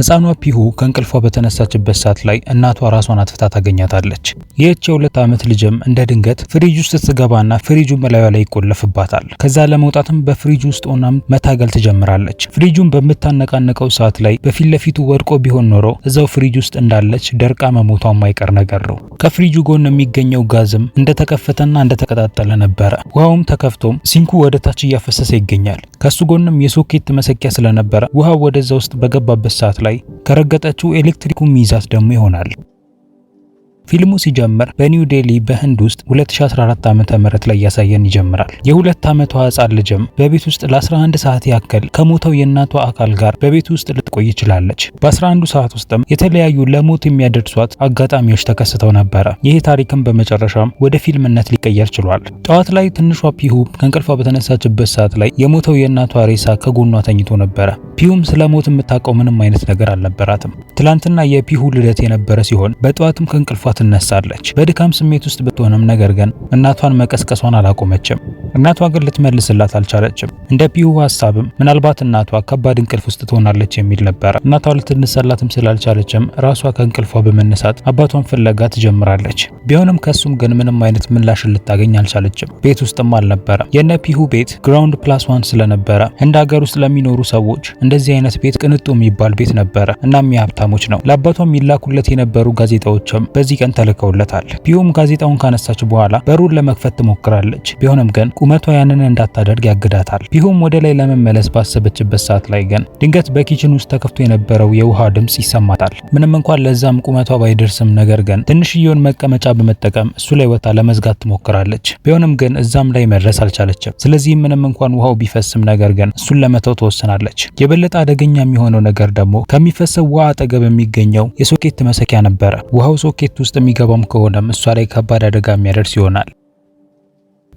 ህፃኗ ፒሁ ከእንቅልፏ በተነሳችበት ሰዓት ላይ እናቷ ራሷን አጥፍታ ታገኛታለች። ይህች የሁለት ዓመት ልጅም እንደ ድንገት ፍሪጅ ውስጥ ስትገባና ፍሪጁ መላዩ ላይ ይቆለፍባታል። ከዛ ለመውጣትም በፍሪጅ ውስጥ ሆናም መታገል ትጀምራለች። ፍሪጁን በምታነቃነቀው ሰዓት ላይ በፊት ለፊቱ ወድቆ ቢሆን ኖሮ እዛው ፍሪጅ ውስጥ እንዳለች ደርቃ መሞቷ የማይቀር ነገር ነው። ከፍሪጁ ጎን የሚገኘው ጋዝም እንደተከፈተና እንደተቀጣጠለ ነበረ። ውሃውም ተከፍቶም ሲንኩ ወደ ታች እያፈሰሰ ይገኛል። ከሱ ጎንም የሶኬት መሰኪያ ስለነበረ ውሃ ወደዛ ውስጥ በገባበት ሰዓት ላይ ከረገጠችው ኤሌክትሪኩ ሚይዛት ደግሞ ይሆናል። ፊልሙ ሲጀምር በኒው ዴሊ በህንድ ውስጥ 2014 ዓ.ም ላይ ያሳየን ይጀምራል። የሁለት ዓመቷ ህጻን ልጅም በቤት ውስጥ ለ11 ሰዓት ያክል ከሞተው የእናቷ አካል ጋር በቤት ውስጥ ልትቆይ ይችላለች። በ11ዱ ሰዓት ውስጥም የተለያዩ ለሞት የሚያደርሷት አጋጣሚዎች ተከስተው ነበረ። ይህ ታሪክም በመጨረሻም ወደ ፊልምነት ሊቀየር ችሏል። ጠዋት ላይ ትንሿ ፒሁ ከእንቅልፏ በተነሳችበት ሰዓት ላይ የሞተው የእናቷ ሬሳ ከጎኗ ተኝቶ ነበረ። ፒሁም ስለ ሞት የምታውቀው ምንም አይነት ነገር አልነበራትም። ትላንትና የፒሁ ልደት የነበረ ሲሆን በጠዋትም ከእንቅልፏ ትነሳለች። በድካም ስሜት ውስጥ ብትሆንም ነገር ግን እናቷን መቀስቀሷን አላቆመችም። እናቷ ግን ልትመልስላት አልቻለችም። እንደ ፒሁ ሀሳብም ምናልባት እናቷ ከባድ እንቅልፍ ውስጥ ትሆናለች የሚል ነበረ። እናቷ ልትነሳላትም ስላልቻለችም ራሷ ከእንቅልፏ በመነሳት አባቷን ፍለጋ ትጀምራለች። ቢሆንም ከሱም ግን ምንም አይነት ምላሽ ልታገኝ አልቻለችም። ቤት ውስጥም አልነበረ። የነ ፒሁ ቤት ግራውንድ ፕላስ ዋን ስለነበረ እንደ ሀገር ውስጥ ለሚኖሩ ሰዎች እንደዚህ አይነት ቤት ቅንጡ የሚባል ቤት ነበረ። እናም የሀብታሞች ነው። ለአባቷም ይላኩለት የነበሩ ጋዜጣዎችም በዚህ ቀን ተልከውለታል። ቢዮም ጋዜጣውን ካነሳች በኋላ በሩን ለመክፈት ትሞክራለች። ቢሆንም ግን ቁመቷ ያንን እንዳታደርግ ያግዳታል። ቢዮም ወደ ላይ ለመመለስ ባሰበችበት ሰዓት ላይ ግን ድንገት በኪችን ውስጥ ተከፍቶ የነበረው የውሃ ድምፅ ይሰማታል። ምንም እንኳን ለዛም ቁመቷ ባይደርስም፣ ነገር ግን ትንሽየውን መቀመጫ በመጠቀም እሱ ላይ ወታ ለመዝጋት ትሞክራለች። ቢሆንም ግን እዛም ላይ መድረስ አልቻለችም። ስለዚህ ምንም እንኳን ውሃው ቢፈስም፣ ነገር ግን እሱን ለመተው ተወሰናለች። የበለጠ አደገኛ የሚሆነው ነገር ደግሞ ከሚፈሰው ውሃ አጠገብ የሚገኘው የሶኬት መሰኪያ ነበረ። ውሃው ሶኬት ውስጥ ውስጥ የሚገባም ከሆነም እሷ ላይ ከባድ አደጋ የሚያደርስ ይሆናል።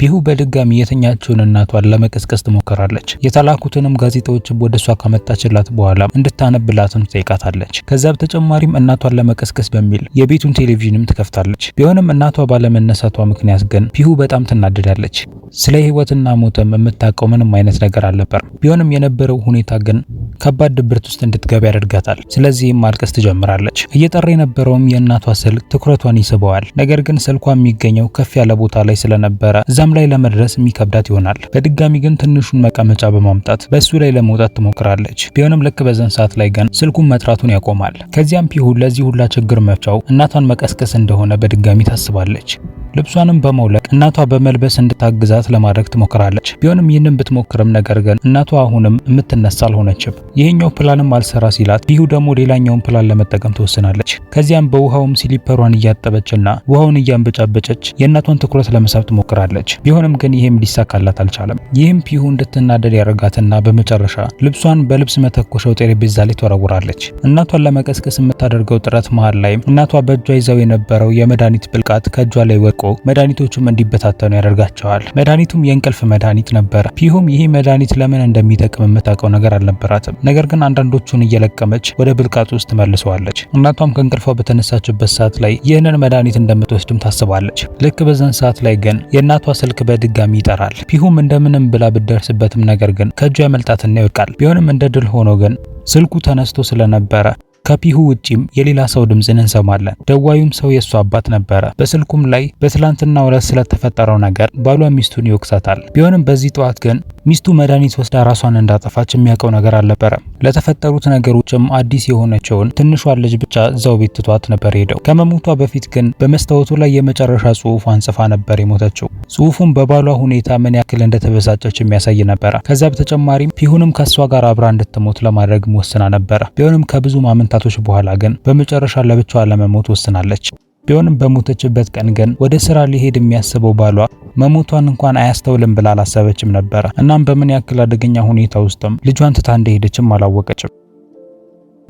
ፒሁ በድጋሚ የተኛችውን እናቷን ለመቀስቀስ ትሞክራለች። የተላኩትንም ጋዜጣዎች ወደ እሷ ካመጣችላት በኋላ እንድታነብላትም ትጠይቃታለች። ከዛ በተጨማሪም እናቷን ለመቀስቀስ በሚል የቤቱን ቴሌቪዥንም ትከፍታለች። ቢሆንም እናቷ ባለመነሳቷ ምክንያት ግን ፒሁ በጣም ትናደዳለች። ስለ ህይወትና ሞትም የምታውቀው ምንም አይነት ነገር አልነበርም። ቢሆንም የነበረው ሁኔታ ግን ከባድ ድብርት ውስጥ እንድትገባ ያደርጋታል። ስለዚህም ማልቀስ ትጀምራለች። እየጠራ የነበረውም የእናቷ ስልክ ትኩረቷን ይስበዋል። ነገር ግን ስልኳ የሚገኘው ከፍ ያለ ቦታ ላይ ስለነበረ እዛ እዛም ላይ ለመድረስ የሚከብዳት ይሆናል። በድጋሚ ግን ትንሹን መቀመጫ በማምጣት በሱ ላይ ለመውጣት ትሞክራለች። ቢሆንም ልክ በዘን ሰዓት ላይ ግን ስልኩን መጥራቱን ያቆማል። ከዚያም ፒሁ ለዚህ ሁላ ችግር መፍቻው እናቷን መቀስቀስ እንደሆነ በድጋሚ ታስባለች። ልብሷንም በመውለቅ እናቷ በመልበስ እንድታግዛት ለማድረግ ትሞክራለች። ቢሆንም ይህንን ብትሞክርም ነገር ግን እናቷ አሁንም የምትነሳ አልሆነችም። ይህኛው ፕላንም አልሰራ ሲላት፣ ይሁ ደግሞ ሌላኛውን ፕላን ለመጠቀም ትወስናለች። ከዚያም በውሃውም ሲሊፐሯን እያጠበችና ውሃውን እያንበጫበጨች የእናቷን ትኩረት ለመሳብ ትሞክራለች። ቢሆንም ግን ይህም ሊሳካላት አልቻለም። ይህም ፒሁ እንድትናደድ ያደርጋትና በመጨረሻ ልብሷን በልብስ መተኮሻው ጠረጴዛ ላይ ትወረውራለች። እናቷን ለመቀስቀስ የምታደርገው ጥረት መሃል ላይ እናቷ በእጇ ይዘው የነበረው የመድኃኒት ብልቃት ከእጇ ላይ ወድቆ መድኃኒቶቹም እንዲበታተኑ ያደርጋቸዋል። መድኃኒቱም የእንቅልፍ መድኃኒት ነበረ። ፒሁም ይህ መድኃኒት ለምን እንደሚጠቅም የምታውቀው ነገር አልነበራትም። ነገር ግን አንዳንዶቹን እየለቀመች ወደ ብልቃጥ ውስጥ መልሰዋለች። እናቷም ከእንቅልፏ በተነሳችበት ሰዓት ላይ ይህንን መድኃኒት እንደምትወስድም ታስባለች። ልክ በዛን ሰዓት ላይ ግን የእናቷ ስልክ በድጋሚ ይጠራል። ፒሁም እንደምንም ብላ ብደርስበትም ነገር ግን ከእጇ ያመልጣትና ይወድቃል። ቢሆንም እንደ ድል ሆኖ ግን ስልኩ ተነስቶ ስለነበረ ከፒሁ ውጪም የሌላ ሰው ድምፅን እንሰማለን። ደዋዩም ሰው የእሱ አባት ነበረ። በስልኩም ላይ በትላንትና ዕለት ስለተፈጠረው ነገር ባሏ ሚስቱን ይወቅሳታል። ቢሆንም በዚህ ጠዋት ግን ሚስቱ መድኃኒት ወስዳ ራሷን እንዳጠፋች የሚያውቀው ነገር አልነበረም። ለተፈጠሩት ነገሮችም አዲስ የሆነችውን ትንሿን ልጅ ብቻ እዛው ቤት ትቷት ነበር ሄደው። ከመሞቷ በፊት ግን በመስታወቱ ላይ የመጨረሻ ጽሑፏን ጽፋ ነበር የሞተችው። ጽሑፉም በባሏ ሁኔታ ምን ያክል እንደተበሳጨች የሚያሳይ ነበረ። ከዚያ በተጨማሪም ፒሁንም ከእሷ ጋር አብራ እንድትሞት ለማድረግ ወስና ነበረ። ቢሆንም ከብዙ ማመንታቶች በኋላ ግን በመጨረሻ ለብቻዋ ለመሞት ወስናለች። ቢሆንም በሞተችበት ቀን ግን ወደ ስራ ሊሄድ የሚያስበው ባሏ መሞቷን እንኳን አያስተውልም ብላ አላሰበችም ነበረ። እናም በምን ያክል አደገኛ ሁኔታ ውስጥም ልጇን ትታ እንደሄደችም አላወቀችም።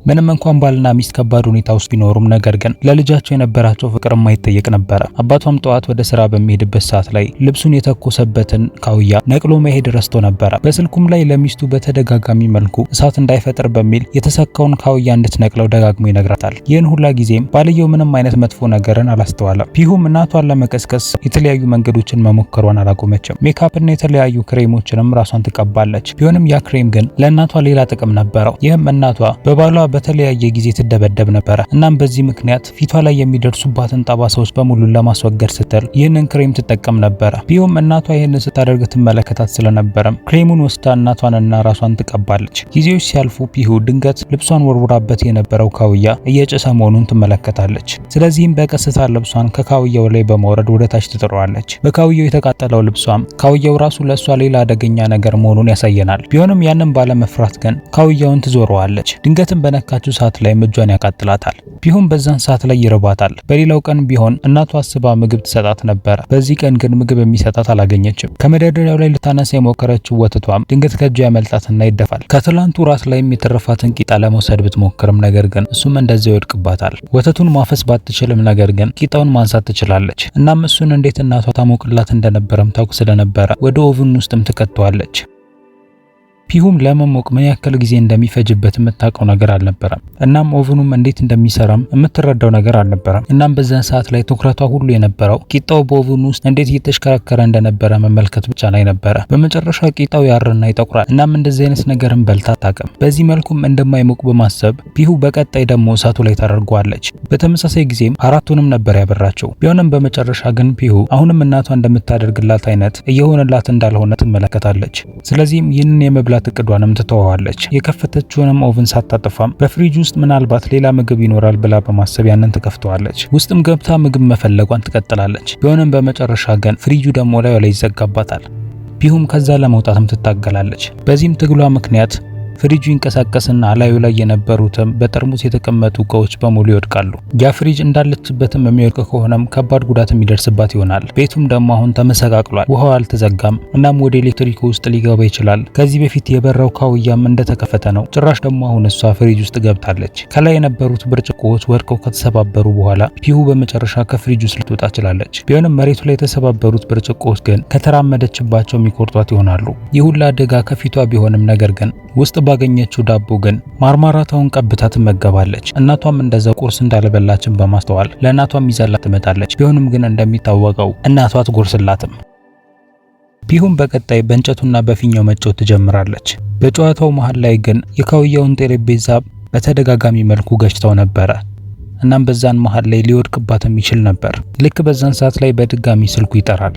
ምንም እንኳን ባልና ሚስት ከባድ ሁኔታ ውስጥ ቢኖሩም ነገር ግን ለልጃቸው የነበራቸው ፍቅር የማይጠየቅ ነበረ። አባቷም ጠዋት ወደ ስራ በሚሄድበት ሰዓት ላይ ልብሱን የተኮሰበትን ካውያ ነቅሎ መሄድ ረስቶ ነበረ። በስልኩም ላይ ለሚስቱ በተደጋጋሚ መልኩ እሳት እንዳይፈጥር በሚል የተሰካውን ካውያ እንድትነቅለው ደጋግሞ ይነግራታል። ይህን ሁላ ጊዜም ባልየው ምንም አይነት መጥፎ ነገርን አላስተዋለም። ፒሁም እናቷን ለመቀስቀስ የተለያዩ መንገዶችን መሞከሯን አላቆመችም። ሜካፕና የተለያዩ ክሬሞችንም ራሷን ትቀባለች። ቢሆንም ያ ክሬም ግን ለእናቷ ሌላ ጥቅም ነበረው። ይህም እናቷ በባሏ በተለያየ ጊዜ ትደበደብ ነበረ። እናም በዚህ ምክንያት ፊቷ ላይ የሚደርሱባትን ጠባሳዎች በሙሉ ለማስወገድ ስትል ይህንን ክሬም ትጠቀም ነበረ። ቢሆም እናቷ ይህንን ስታደርግ ትመለከታት ስለነበረም ክሬሙን ወስዳ እናቷንና ራሷን ትቀባለች። ጊዜዎች ሲያልፉ ፒሁ ድንገት ልብሷን ወርውራበት የነበረው ካውያ እየጨሰ መሆኑን ትመለከታለች። ስለዚህም በቀስታ ልብሷን ከካውያው ላይ በመውረድ ወደ ታች ትጥረዋለች። በካውያው የተቃጠለው ልብሷም ካውያው ራሱ ለእሷ ሌላ አደገኛ ነገር መሆኑን ያሳየናል። ቢሆንም ያንን ባለመፍራት ግን ካውያውን ትዞረዋለች። ድንገትም በነ በነካችው ሰዓት ላይ እጇን ያቃጥላታል። ቢሆን በዛን ሰዓት ላይ ይርባታል። በሌላው ቀን ቢሆን እናቷ አስባ ምግብ ትሰጣት ነበረ። በዚህ ቀን ግን ምግብ የሚሰጣት አላገኘችም። ከመደርደሪያው ላይ ልታነሳ የሞከረችው ወተቷም ድንገት ከእጇ ያመልጣትና ይደፋል። ከትላንቱ ራት ላይም የተረፋትን ቂጣ ለመውሰድ ብትሞክርም ነገር ግን እሱም እንደዚያው ይወድቅባታል። ወተቱን ማፈስ ባትችልም ነገር ግን ቂጣውን ማንሳት ትችላለች። እናም እሱን እንዴት እናቷ ታሞቅላት እንደነበረም ታውቅ ስለነበረ ወደ ኦቭን ውስጥም ትከተዋለች። ፒሁም ለመሞቅ ምን ያክል ጊዜ እንደሚፈጅበት የምታውቀው ነገር አልነበረም። እናም ኦቭኑም እንዴት እንደሚሰራም የምትረዳው ነገር አልነበረም። እናም በዛን ሰዓት ላይ ትኩረቷ ሁሉ የነበረው ቂጣው በኦቭኑ ውስጥ እንዴት እየተሽከረከረ እንደነበረ መመልከት ብቻ ላይ ነበረ። በመጨረሻ ቂጣው ያርና ይጠቁራል። እናም እንደዚህ አይነት ነገርን በልታ አታውቅም። በዚህ መልኩም እንደማይሞቅ በማሰብ ፒሁ በቀጣይ ደግሞ እሳቱ ላይ ታደርገዋለች። በተመሳሳይ ጊዜም አራቱንም ነበር ያበራቸው። ቢሆንም በመጨረሻ ግን ፒሁ አሁንም እናቷ እንደምታደርግላት አይነት እየሆነላት እንዳልሆነ ትመለከታለች። ስለዚህም ይህንን የመብላት የመብላት እቅዷንም ትተወዋለች። የከፈተችውንም ኦቭን ሳታጠፋም በፍሪጅ ውስጥ ምናልባት ሌላ ምግብ ይኖራል ብላ በማሰብ ያንን ትከፍተዋለች። ውስጥም ገብታ ምግብ መፈለጓን ትቀጥላለች። ቢሆንም በመጨረሻ ግን ፍሪጁ ደግሞ ላዩ ላይ ይዘጋባታል። ቢሁም ከዛ ለመውጣትም ትታገላለች። በዚህም ትግሏ ምክንያት ፍሪጁ ይንቀሳቀስና ላዩ ላይ የነበሩትም በጠርሙስ የተቀመጡ እቃዎች በሙሉ ይወድቃሉ። ያ ፍሪጅ እንዳለችበትም የሚወድቅ ከሆነም ከባድ ጉዳት የሚደርስባት ይሆናል። ቤቱም ደግሞ አሁን ተመሰቃቅሏል። ውሃው አልተዘጋም። እናም ወደ ኤሌክትሪክ ውስጥ ሊገባ ይችላል። ከዚህ በፊት የበራው ካውያም እንደተከፈተ ነው። ጭራሽ ደግሞ አሁን እሷ ፍሪጅ ውስጥ ገብታለች። ከላይ የነበሩት ብርጭቆዎች ወድቀው ከተሰባበሩ በኋላ ፒሁ በመጨረሻ ከፍሪጅ ውስጥ ልትወጣ ችላለች። ቢሆንም መሬቱ ላይ የተሰባበሩት ብርጭቆዎች ግን ከተራመደችባቸው የሚቆርጧት ይሆናሉ። ይህ ሁሉ አደጋ ከፊቷ ቢሆንም ነገር ግን ውስጥ ባገኘችው ዳቦ ግን ማርማራታውን ቀብታ ትመገባለች። እናቷም እንደዛው ቁርስ እንዳልበላችን በማስተዋል ለእናቷም ይዛላት ትመጣለች። ቢሆንም ግን እንደሚታወቀው እናቷ አትጎርስላትም። ቢሁን በቀጣይ በእንጨቱና በፊኛው መጫወት ትጀምራለች። በጨዋታው መሃል ላይ ግን የካውያውን ጠረጴዛ በተደጋጋሚ መልኩ ገጭተው ነበረ። እናም በዛን መሃል ላይ ሊወድቅባት የሚችል ነበር። ልክ በዛን ሰዓት ላይ በድጋሚ ስልኩ ይጠራል።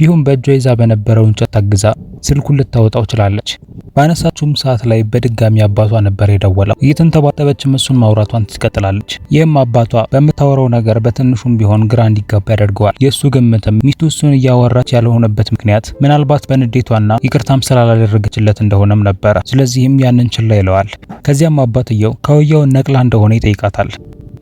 ቢሆን በእጇ ይዛ በነበረው እንጨት ታግዛ ስልኩን ልታወጣው ችላለች። ባነሳችሁም ሰዓት ላይ በድጋሚ አባቷ ነበር የደወለው። እየተንተባተበችም እሱን ማውራቷን ትቀጥላለች። ይህም አባቷ በምታወራው ነገር በትንሹም ቢሆን ግራ እንዲጋባ ያደርገዋል። የእሱ ግምትም ሚስቱ እሱን እያወራች ያልሆነበት ምክንያት ምናልባት በንዴቷና ይቅርታም ስላላደረገችለት እንደሆነም ነበረ። ስለዚህም ያንን ችላ ይለዋል። ከዚያም አባትየው ከውያውን ነቅላ እንደሆነ ይጠይቃታል።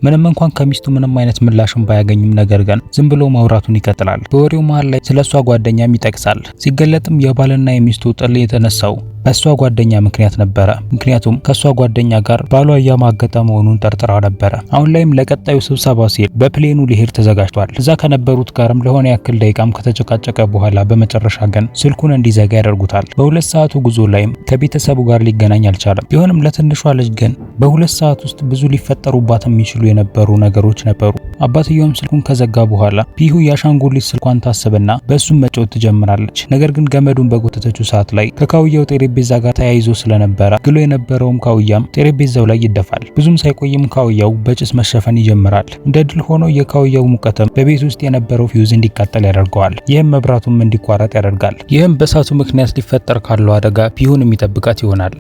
ምንም እንኳን ከሚስቱ ምንም አይነት ምላሽን ባያገኝም ነገር ግን ዝም ብሎ ማውራቱን ይቀጥላል። በወሬው መሃል ላይ ስለ እሷ ጓደኛም ይጠቅሳል። ሲገለጥም የባልና የሚስቱ ጥል የተነሳው በእሷ ጓደኛ ምክንያት ነበረ። ምክንያቱም ከእሷ ጓደኛ ጋር ባሏ እያማገጠ መሆኑን ጠርጥራ ነበረ። አሁን ላይም ለቀጣዩ ስብሰባ ሲል በፕሌኑ ሊሄድ ተዘጋጅቷል። እዛ ከነበሩት ጋርም ለሆነ ያክል ደቂቃም ከተጨቃጨቀ በኋላ በመጨረሻ ግን ስልኩን እንዲዘጋ ያደርጉታል። በሁለት ሰዓቱ ጉዞ ላይም ከቤተሰቡ ጋር ሊገናኝ አልቻለም። ቢሆንም ለትንሿ ልጅ ግን በሁለት ሰዓት ውስጥ ብዙ ሊፈጠሩባት የሚችሉ የነበሩ ነገሮች ነበሩ። አባትየውም ስልኩን ከዘጋ በኋላ ፒሁ የአሻንጉሊት ስልኳን ታስብና በእሱም መጫወት ትጀምራለች። ነገር ግን ገመዱን በጎተተችው ሰዓት ላይ ከካውያው ጤሬ ጠረጴዛ ጋር ተያይዞ ስለነበረ ግሎ የነበረውም ካውያም ጠረጴዛው ላይ ይደፋል። ብዙም ሳይቆይም ካውያው በጭስ መሸፈን ይጀምራል። እንደ ድል ሆኖ የካውያው ሙቀትም በቤት ውስጥ የነበረው ፊውዝ እንዲቃጠል ያደርገዋል። ይህም መብራቱም እንዲቋረጥ ያደርጋል። ይህም በእሳቱ ምክንያት ሊፈጠር ካለው አደጋ ፒሁን የሚጠብቃት ይሆናል።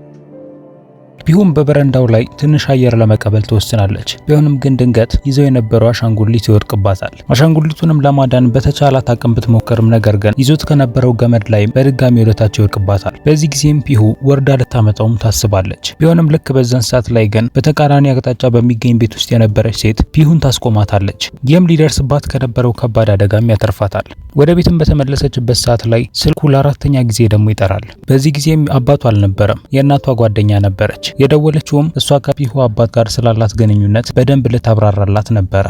ቢሁም በበረንዳው ላይ ትንሽ አየር ለመቀበል ትወስናለች። ቢሆንም ግን ድንገት ይዘው የነበረው አሻንጉሊት ይወድቅባታል። አሻንጉሊቱንም ለማዳን በተቻላት አቅም ብትሞክርም ነገር ግን ይዞት ከነበረው ገመድ ላይ በድጋሚ ወደታች ይወድቅባታል። በዚህ ጊዜም ፒሁ ወርዳ ልታመጣውም ታስባለች። ቢሆንም ልክ በዛን ሰዓት ላይ ግን በተቃራኒ አቅጣጫ በሚገኝ ቤት ውስጥ የነበረች ሴት ፒሁን ታስቆማታለች። ይህም ሊደርስባት ከነበረው ከባድ አደጋም ያተርፋታል። ወደ ቤትም በተመለሰችበት ሰዓት ላይ ስልኩ ለአራተኛ ጊዜ ደግሞ ይጠራል። በዚህ ጊዜም አባቱ አልነበረም፣ የእናቷ ጓደኛ ነበረች። የደወለችውም እሷ ከፒሁ አባት ጋር ስላላት ግንኙነት በደንብ ልታብራራላት ነበረ።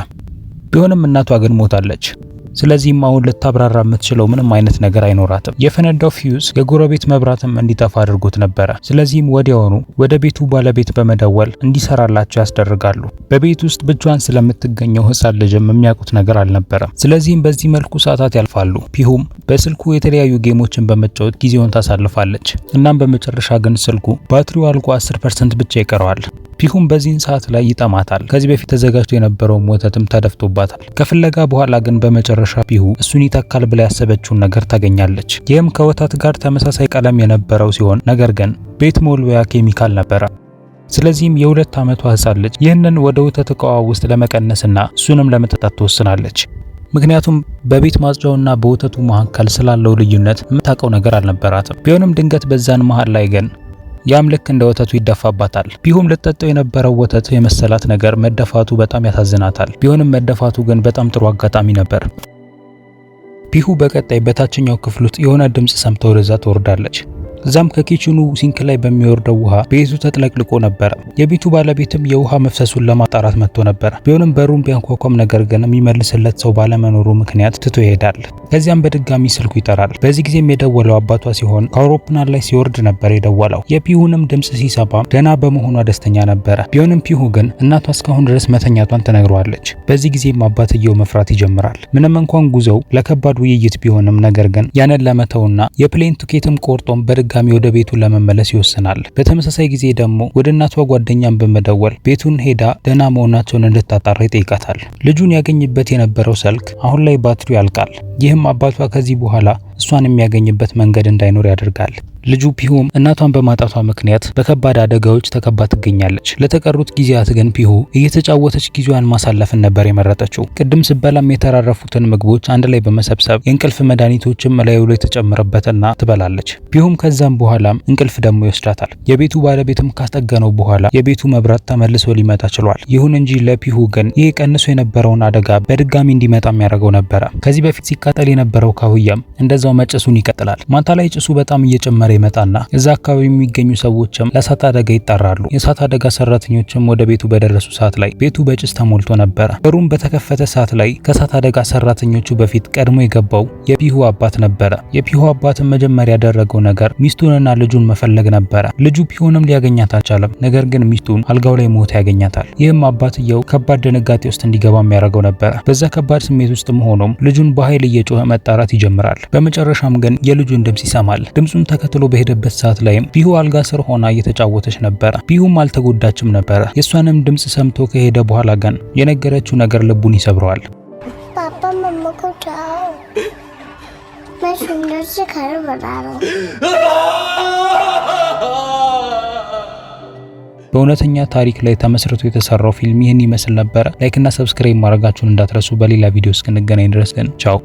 ቢሆንም እናቷ ግን ሞታለች። ስለዚህም አሁን ልታብራራ የምትችለው ምንም አይነት ነገር አይኖራትም። የፈነዳው ፊውዝ የጎረቤት መብራትም እንዲጠፋ አድርጎት ነበረ። ስለዚህም ወዲያውኑ ወደ ቤቱ ባለቤት በመደወል እንዲሰራላቸው ያስደርጋሉ። በቤት ውስጥ ብቻዋን ስለምትገኘው ህፃን ልጅም የሚያውቁት ነገር አልነበረም። ስለዚህም በዚህ መልኩ ሰዓታት ያልፋሉ። ፒሁም በስልኩ የተለያዩ ጌሞችን በመጫወት ጊዜውን ታሳልፋለች። እናም በመጨረሻ ግን ስልኩ ባትሪው አልቆ 10 ፐርሰንት ብቻ ይቀረዋል። ፒሁም በዚህን ሰዓት ላይ ይጠማታል። ከዚህ በፊት ተዘጋጅቶ የነበረውም ወተትም ተደፍቶባታል። ከፍለጋ በኋላ ግን በመጨረሻ ፒሁ እሱን ይተካል ብላ ያሰበችውን ነገር ታገኛለች። ይህም ከወተት ጋር ተመሳሳይ ቀለም የነበረው ሲሆን ነገር ግን ቤት ሞልበያ ኬሚካል ነበረ። ስለዚህም የሁለት ዓመቷ ሕፃን ልጅ ይህንን ወደ ወተት እቃዋ ውስጥ ለመቀነስና እሱንም ለመጠጣት ትወስናለች። ምክንያቱም በቤት ማጽጃውና በወተቱ መካከል ስላለው ልዩነት የምታውቀው ነገር አልነበራትም። ቢሆንም ድንገት በዛን መሃል ላይ ግን ያም ልክ እንደ ወተቱ ይደፋባታል። ቢሆም ልጠጣው የነበረው ወተት የመሰላት ነገር መደፋቱ በጣም ያሳዝናታል። ቢሆንም መደፋቱ ግን በጣም ጥሩ አጋጣሚ ነበር። ቢሁ በቀጣይ በታችኛው ክፍል ውስጥ የሆነ ድምፅ ሰምታ ወደዛ ትወርዳለች። እዛም ከኪችኑ ሲንክ ላይ በሚወርደው ውሃ ቤቱ ተጥለቅልቆ ነበረ። የቤቱ ባለቤትም የውሃ መፍሰሱን ለማጣራት መጥቶ ነበረ። ቢሆንም በሩን ቢያንኳኳም ነገር ግን የሚመልስለት ሰው ባለመኖሩ ምክንያት ትቶ ይሄዳል። ከዚያም በድጋሚ ስልኩ ይጠራል። በዚህ ጊዜም የደወለው አባቷ ሲሆን ከአውሮፕላን ላይ ሲወርድ ነበር የደወለው። የፒሁንም ድምፅ ሲሰማ ደህና በመሆኗ ደስተኛ ነበረ። ቢሆንም ፒሁ ግን እናቷ እስካሁን ድረስ መተኛቷን ተነግረዋለች። በዚህ ጊዜም አባትየው መፍራት ይጀምራል። ምንም እንኳን ጉዞው ለከባድ ውይይት ቢሆንም ነገር ግን ያንን ለመተውና የፕሌን ቱኬትም ቆርጦም በድ በድጋሚ ወደ ቤቱ ለመመለስ ይወስናል። በተመሳሳይ ጊዜ ደግሞ ወደ እናቷ ጓደኛን በመደወል ቤቱን ሄዳ ደህና መሆናቸውን እንድታጣራ ይጠይቃታል። ልጁን ያገኝበት የነበረው ስልክ አሁን ላይ ባትሪው ያልቃል። ይህም አባቷ ከዚህ በኋላ እሷን የሚያገኝበት መንገድ እንዳይኖር ያደርጋል። ልጁ ፒሁም እናቷን በማጣቷ ምክንያት በከባድ አደጋዎች ተከባ ትገኛለች። ለተቀሩት ጊዜያት ግን ፒሁ እየተጫወተች ጊዜዋን ማሳለፍን ነበር የመረጠችው። ቅድም ስበላም የተራረፉትን ምግቦች አንድ ላይ በመሰብሰብ የእንቅልፍ መድኃኒቶችም ላዩ ላይ የተጨመረበትና ትበላለች። ፒሁም ከዛም በኋላም እንቅልፍ ደግሞ ይወስዳታል። የቤቱ ባለቤትም ካስጠገነው በኋላ የቤቱ መብራት ተመልሶ ሊመጣ ችሏል። ይሁን እንጂ ለፒሁ ግን ይህ ቀንሶ የነበረውን አደጋ በድጋሚ እንዲመጣ የሚያደርገው ነበረ። ከዚህ በፊት ሲቃጠል የነበረው ካሁያም እንደዛ በዛው መጨሱን ይቀጥላል። ማታ ላይ ጭሱ በጣም እየጨመረ ይመጣና እዛ አካባቢ የሚገኙ ሰዎችም ለእሳት አደጋ ይጠራሉ። የእሳት አደጋ ሰራተኞችም ወደ ቤቱ በደረሱ ሰዓት ላይ ቤቱ በጭስ ተሞልቶ ነበረ። በሩም በተከፈተ ሰዓት ላይ ከእሳት አደጋ ሰራተኞቹ በፊት ቀድሞ የገባው የፒሁ አባት ነበረ። የፒሁ አባትም መጀመሪያ ያደረገው ነገር ሚስቱንና ልጁን መፈለግ ነበረ። ልጁ ፒሆንም ሊያገኛት አልቻለም። ነገር ግን ሚስቱን አልጋው ላይ ሞታ ያገኛታል። ይህም አባትየው ከባድ ድንጋጤ ውስጥ እንዲገባ የሚያደርገው ነበረ። በዛ ከባድ ስሜት ውስጥ ሆኖ ልጁን በኃይል እየጮኸ መጣራት ይጀምራል። በመጨረሻም ግን የልጁን ድምፅ ይሰማል። ድምፁን ተከትሎ በሄደበት ሰዓት ላይም ቢሁ አልጋ ስር ሆና እየተጫወተች ነበር ቢሁም አልተጎዳችም ነበር የእሷንም ድምፅ ሰምቶ ከሄደ በኋላ ግን የነገረችው ነገር ልቡን ይሰብረዋል። በእውነተኛ ታሪክ ላይ ተመስርቶ የተሰራው ፊልም ይህን ይመስል ነበር። ላይክ እና ሰብስክራይብ ማድረጋችሁን እንዳትረሱ። በሌላ ቪዲዮ እስክንገናኝ ድረስ ግን ቻው።